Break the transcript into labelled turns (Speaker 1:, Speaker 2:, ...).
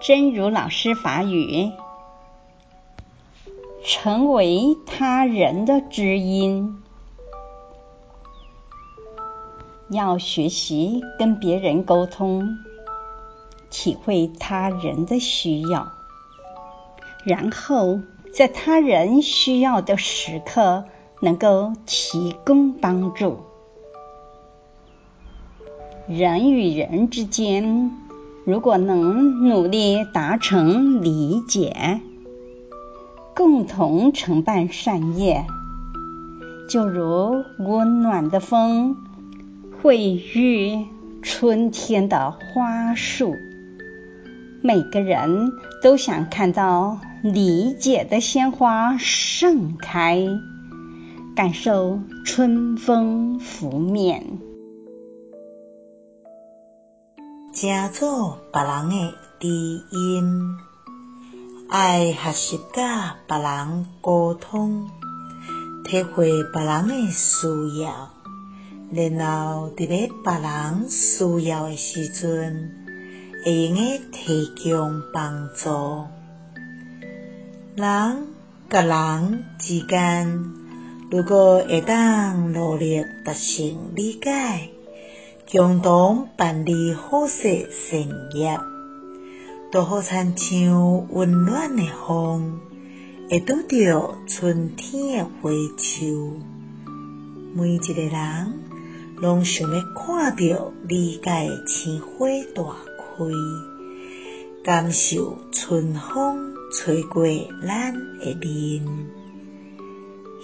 Speaker 1: 真如老師法語，成為他人的知音，要學習跟別人溝通，體會他人的需要，然後在他人需要的時刻能夠提供幫助。人與人之間，如果能努力達成理解，共同成辦善業，就如溫暖的風，會遇春天的花樹，每個人都想看到理解的鮮花盛開，感受春風拂面。聽做別人的知音，
Speaker 2: 愛學習甲別人溝通，體會別人的需要，然後佇咧別人需要的時陣，會用誒提供幫助。人甲人之間，如果會當努力達成理解。共同辦理好事善業，多好親像溫暖的風，會拄着春天的花樹。每一個人攏想要看到理解的鮮花大開，感受春風吹過咱的臉。